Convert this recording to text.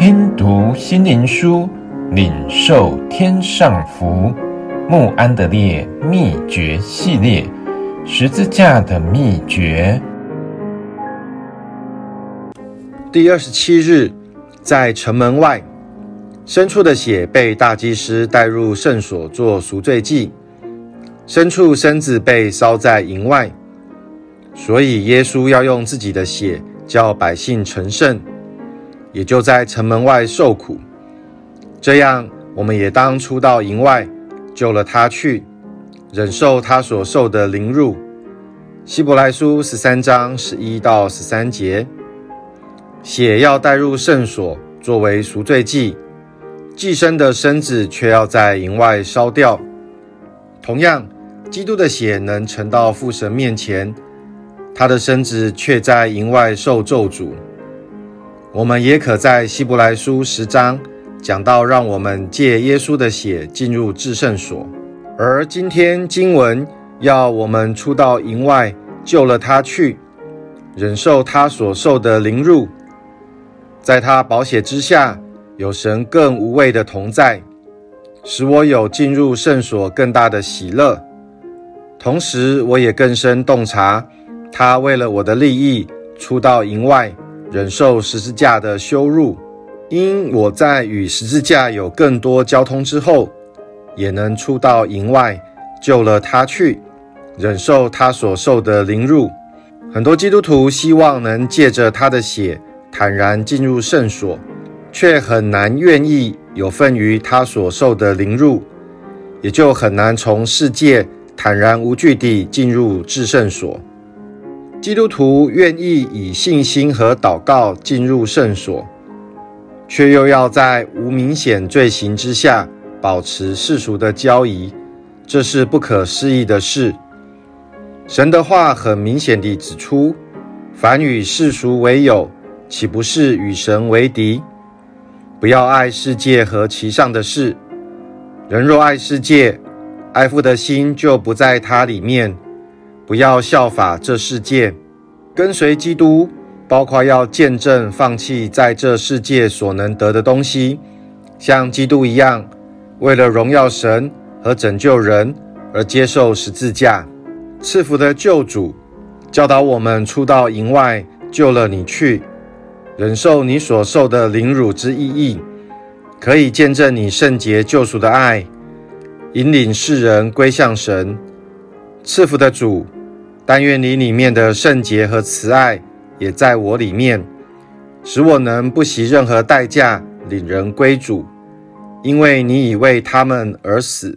聽讀心靈書，領受天上福。慕安德烈秘訣系列，《十字架的秘訣》第二十七日，在城門外，牲畜的血被大祭司帶入聖所作贖罪祭，牲畜身子被燒在營外。所以耶穌要用自己的血，叫百姓成聖。也就在城門外受苦，這樣我們也當出到營外，就了他去，忍受他所受的凌辱。希伯來書十三章十一到十三節，血要帶入聖所作為贖罪祭，祭牲的身子卻要在營外燒掉。同樣，基督的血能呈到父神面前，他的身子卻在營外受咒詛。我們也可在希伯來書十章講到，讓我們借耶穌的血進入至聖所。而今天經文要我們出到營外，就了他去，忍受他所受的凌辱，在他寶血之下，有神更無畏的同在，使我有進入聖所更大的喜樂。同時，我也更深洞察，他為了我的利益出到營外。忍受十字架的羞辱，因我在與十字架有更多交通之後，也能出到營外就了他去，忍受他所受的凌辱。很多基督徒希望能借着他的血坦然進入聖所，卻很難願意有份於他所受的凌辱，也就很難從世界坦然無懼地進入至聖所。基督徒願意以信心和禱告進入聖所，卻又要在無明顯罪行之下保持世俗的交誼，這是不可思議的事。神的話很明顯地指出：凡與世俗為友，豈不是與神為敵？不要愛世界和其上的事。人若愛世界，愛父的心就不在他裡面。不要效法這世界。跟隨基督，包括要見證放棄在這世界所能得的東西，像基督一樣，為了榮耀神和拯救人而接受十字架。賜福的救主，教導我們出到營外就了你去，忍受你所受的凌辱之意義，可以見證你聖潔救贖的愛，引領世人歸向神。賜福的主。但願你裡面的聖潔和慈愛也在我裡面，使我能不惜任何代價領人歸主，因為你已為他們而死。